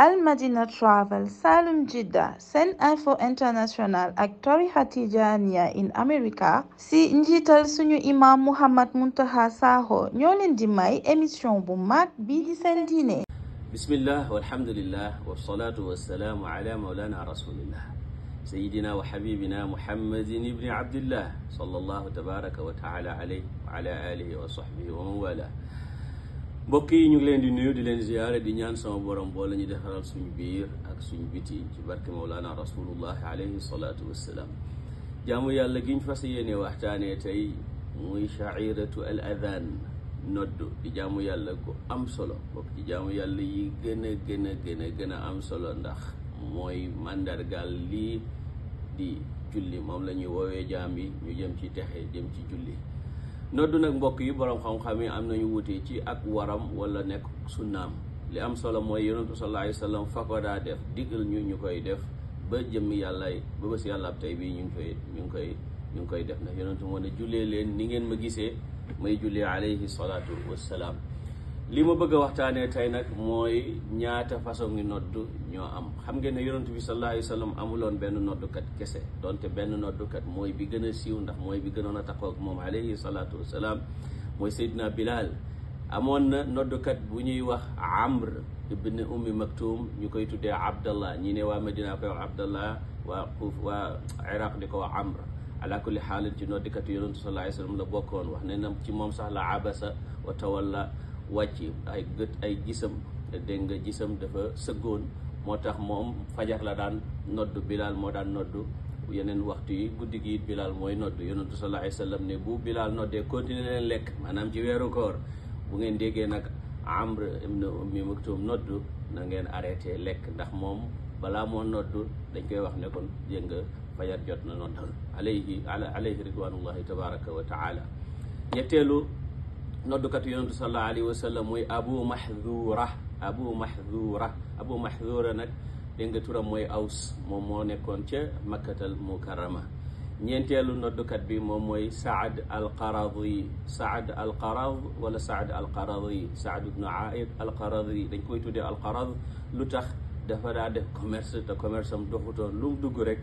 al madina travel salum jidda sen info international ak tarixa tijaniya in america si njiital suñu imam muhammad muntaha sakho ñoo leen di may émission bu mag bii di seen diine bismillah walhamdulillah wasalaatu wasalaamu ala maulana rasulillah sayidina wa xabibina muhammadin ibni abdillah sallallahu tabaraka wa taala alayhi wa ala alihi wa sahbihi wa man wala mbokk yi ñu ngi leen di nuyu di leen ziyaare di ñaan sama borom boo la ñu defaral suñu biir ak suñu biti ci barke Mawlana rasulullahi alayhi salaatu wassalaam jaamu yàlla gi ñu fas yéene waxtaanee tey muy shairatu al adhan nodd di jaamu yàlla gu am solo bokk ci jaamu yàlla yi gën a gën a gën a gën a am solo ndax mooy màndargaal lii di julli moom lañuy ñuy woowee jaam yi ñu jëm ci texe jëm ci julli noddu nag mbokk yi boroom xam-xam yi am nañu wute ci ak waram wala nekk sunnaam li am solo mooy yonentu sallallahu alayhi wa sallam fa ko daa def diggal ñu ñu koy def ba jëmmi yàllaay ba bés yàlla ab tey bii ñu ngi koy ñu ngi koy ñu ngi koy def nag yonentu moo ne jullee leen ni ngeen ma gisee may jullee alayhi salaatu wassalaam li ma bëgg a waxtaanee tey nag mooy ñaata façon ngi nodd ñoo am xam ngeen ne yonent bi sallallahu alayhi wa amuloon benn noddukat kese donte benn noddukat mooy bi gën a siiw ndax mooy bi gënoon a taxaw moom alayhi salaatu salaam mooy Seydina Bilal amoon na noddukat bu ñuy wax Amr ibn Ummi Maktum ñu koy tuddee Abdallah ñii ne waa Medina koy wax Abdallah waa Kuuf waa Iraq ko wax Amr ala kulli xaalin ci noddikatu yonent sallallahu alayhi wa sallam la bokkoon wax ne na ci moom sax la abasa wa wàcc ay gët ay gisam dégg nga gisam dafa sëggoon moo tax moom fajar la daan nodd bilaal moo daan nodd yeneen waxtu yi guddi gi it bilaal mooy nodd yonentu sallallahu alayhi wasallam ne bu bilaal noddee continuer leen lekk maanaam ci weeru koor bu ngeen déggee nag amr ibn ummi maktum nodd na ngeen arrêté lekk ndax moom balaa moo nodd dañ koy wax ne kon nga fajar jot na noddal alayhi ala tabaraka wa taala ñetteelu noddukatu yonentu sallallahu alayhi wa sallam muy abu mahdura abu mahdura abu mahdura nag dégg nga turam mooy aws moom moo nekkoon ca makkatal mukarrama ñeenteelu noddukat bi moom mooy saad alqaradi saad alqarad wala saad alqaradi saad ibnu aid alqaradi dañ koy tuddee alqarad lu tax dafa daa def commerce te commerce am doxutoon lu mu dugg rek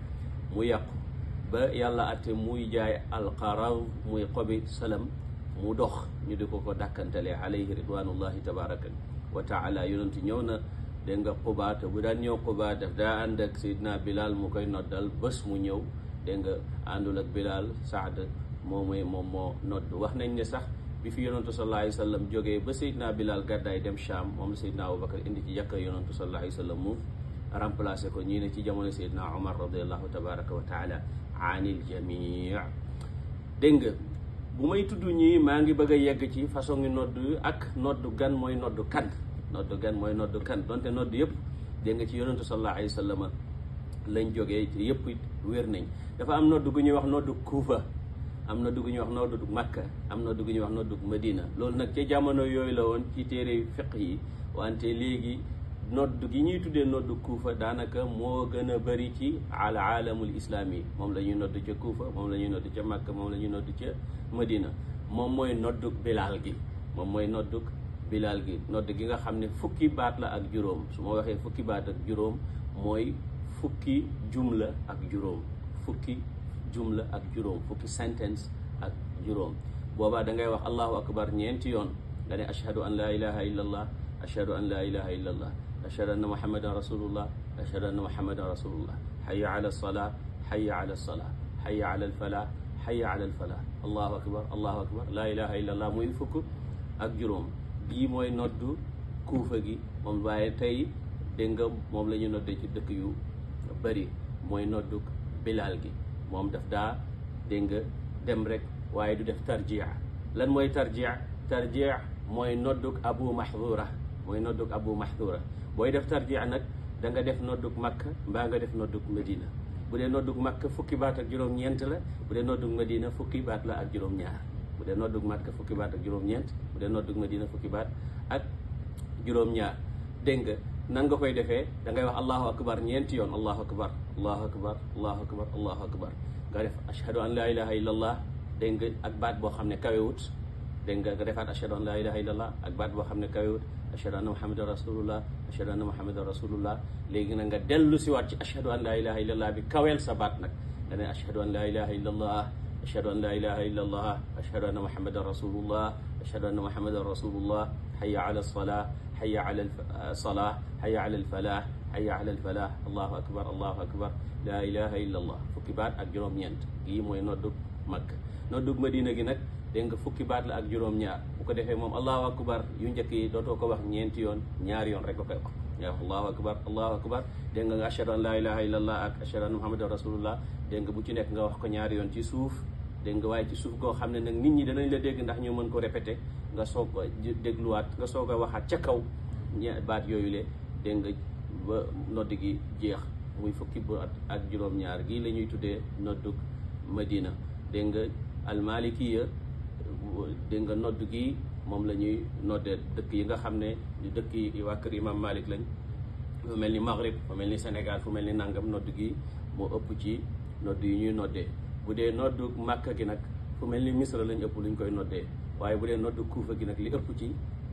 mu yàqu ba yàlla atte muy jaay alqarad muy xobi salam mu dox ñu di ko ko dàkkantale alayhi ridwanullahi tabaraka wa taala yonent ñëw na dégg nga Quba te bu daan ñëw Quba daf daa ànd ak Seydina Bilal mu koy noddal bés mu ñëw dégg nga àndul ak Bilal Saad moomee moom moo nodd wax nañ ne sax bi fi yonantu sallallahu alayhi wa sallam jógee ba Seydina Bilal gàddaay dem Cham moom Seydina Abubakar indi ci jàkka yonantu sallallahu alayhi wa sallam mu remplacé ko ñii ne ci jamono Seydina Omar radiallahu tabaraka wa taala anil jamii dégg nga bu may tudd ñii maa ngi bëgg a yegg ci façon ngi nodd ak nodd gan mooy nodd kan nodd gan mooy nodd kan donte nodd yëpp dégg nga ci yonentu sallallahu alayhi wa sallam lañ jógee ci yëpp wér nañ dafa am nodd gu ñuy wax nodd kuufa am nodd gu ñuy wax nodd makka am nodd gu ñuy wax nodd madina loolu nag ci jamono yooyu la woon ci téere fiq yi wante léegi nodd gi ñuy tuddee nodd kuufa daanaka moo gën a bëri ci al aalamul islaami moom la nodd ca kuufa moom la ñuy nodd ca màkka moom la ñuy nodd ca madina moom mooy nodduk bilaal gi moom mooy nodduk bilaal gi nodd gi nga xam ne fukki baat la ak juróom su ma waxee fukki baat ak juróom mooy fukki jumla ak juróom fukki jumla ak juróom fukki sentence ak juróom boobaa da ngay wax allahu akbar ñeenti yoon nga ne ashhadu an laa ilaha illa allah ashhadu an laa ilaha illa ashhadu anna muhammadan rasulullah ashhadu anna muhammadan rasulullah hayya ala alsalaa hayya ala alsalaa hayya ala alfalaa hayya ala alfalaa allahu akbar allahu akbar laa ilaha illa allah muy fukk ak juróom bii mooy noddu kuufa gi moom waaye tey dégg nga moom la ñu noddee ci dëkk yu bari mooy noddu bilaal gi moom daf daa dégg nga dem rek waaye du def tarjia lan mooy tarjia tarjia mooy nodduk abu mahdura mooy noddug abu mahdura booy def tarjia nag da nga def noddug makk mbaa nga def noddug medina bu dee noddug makka fukki baat ak juróom-ñeent la bu dee noddug medina fukki baat ak juróom-ñaar bu dee noddug makka fukki baat ak juróom-ñeent bu dee noddug medina fukki baat ak juróom-ñaar dégg nga nan nga koy defee da ngay wax allahu akbar ñeenti yoon allahu akbar allahu akbar allahu akbar allahu akbar nga def ashhadu an la ilaha illallah dégg nga ak baat boo xam ne kawewut dégg nga nga defaat ashhadu an laa ilaha illallah ak baat boo xam ne kawewut ashhadu anna muhammadan rasulullah ashhadu anna muhammadan rasulullah léegi nag nga dellu siwaat ci ashhadu an laa ilaha illallah bi kaweel sa baat nag nga ne ashhadu an laa ilaha illallah ashhadu an laa ilaha illallah ashhadu anna muhammadan rasulullah ashhadu anna muhammadan rasulullah hayya ala alsalah hayya ala alsalah ah, hayya ala alfalah hayya ala alfalah allahu akbar allahu akbar laa ilaha illallah fukki baat ak juróom-ñeent yii mooy noddu mag noddu madina gi nag dégg nga fukki baat la ak juróom-ñaar bu ko defee moom allahu akbar yu njëkk yi dootoo ko wax ñeenti yoon ñaar yoon rek ba koy wax yaa allahu akbar allahu akbar dégg nga nga ashhadu an laa ilaha illallah ak ashhadu anna muhammadan rasulullah dégg nga bu ci nekk nga wax ko ñaari yoon ci suuf dégg waaye ci suuf koo xam ne nag nit ñi danañ la dégg ndax ñu mën ko répété nga soog ko dégluwaat nga soog a waxaat ca kaw baat yooyu le dégg nga ba nodd gi jeex muy fukki baat ak juróom-ñaar gii la ñuy tuddee noddug madina dégg nga almalikiya dégg nga nodd gi moom la ñuy noddee dëkk yi nga xam ne dëkk yi waa kër Imam Malik lañ fu mel ni Maghrib fu mel ni Sénégal fu mel ni nàngam nodd gi moo ëpp ci nodd yi ñuy noddee bu dee nodd Màkka gi nag fu mel ni Misra lañ ëpp luñ koy noddee waaye bu dee noddu Kuufa gi nag li ëpp ci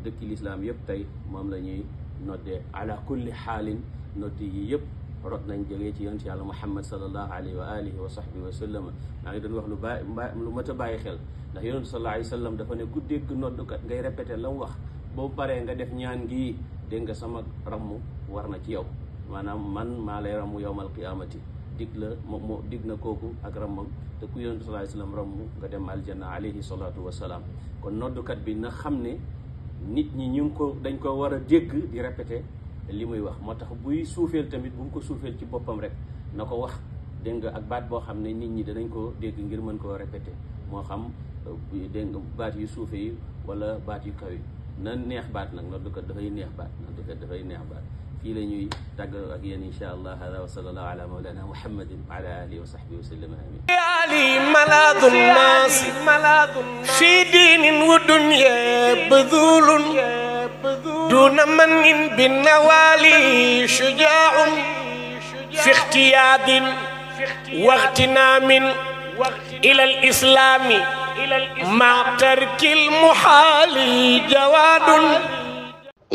dëkki lislaam yëpp tey moom la ñuy noddee ala kulli xaalin nodd yi yëpp rot nañ jógee ci yonent yàlla muhammad salallahu alayhi wa alihi wa sahbihi wa sallama maa ngi doon wax lu bàyyi lu mat a bàyyi xel ndax yonent salallahu alayhi wa sallam dafa ne ku dégg noddukat ngay répété la mu wax boo baree nga def ñaan gi dégg nga sama ramm war na ci yow maanaam man maa lay ramm yowmal qiyaamati dig la moo dig na kooku ak rammam te ku yoon salallahu alayhi wa sallam ramm nga dem aljanna alayhi salatu salaam kon noddukat bi na xam ne nit ñi ñu ngi ko dañ ko war a dégg di répété li muy wax moo tax buy suufeel tamit bu mu ko suufeel ci boppam rek na ko wax dégg nga ak baat boo xam ne nit ñi danañ ko dégg ngir mën ko répété moo xam euh, dégg nga baat yu suufe yi wala baat yu kaw na neex baat nag noonu ko dafay neex baat noonu dafay neex baat fii la ñuy tàggatoo ak yéen incha allah hada wa sallallahu ala mawlana muhammadin wa ala alihi wa sahbihi wa sallam amin ali maladu nas دون من بالنوالي شجاع في اغتياد واغتنام إلى الإسلام مع ترك المحال جواد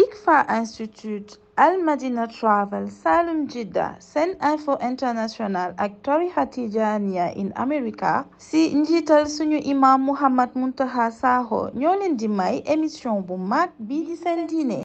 ICFA Institute Al Madina Travel Salum Jidda Sen Info International ak tarixa Tijaaniya in America si njiital suñu imam Mouhamed Muntaha Sakho ñoo di may émission bu mag bi di seen diine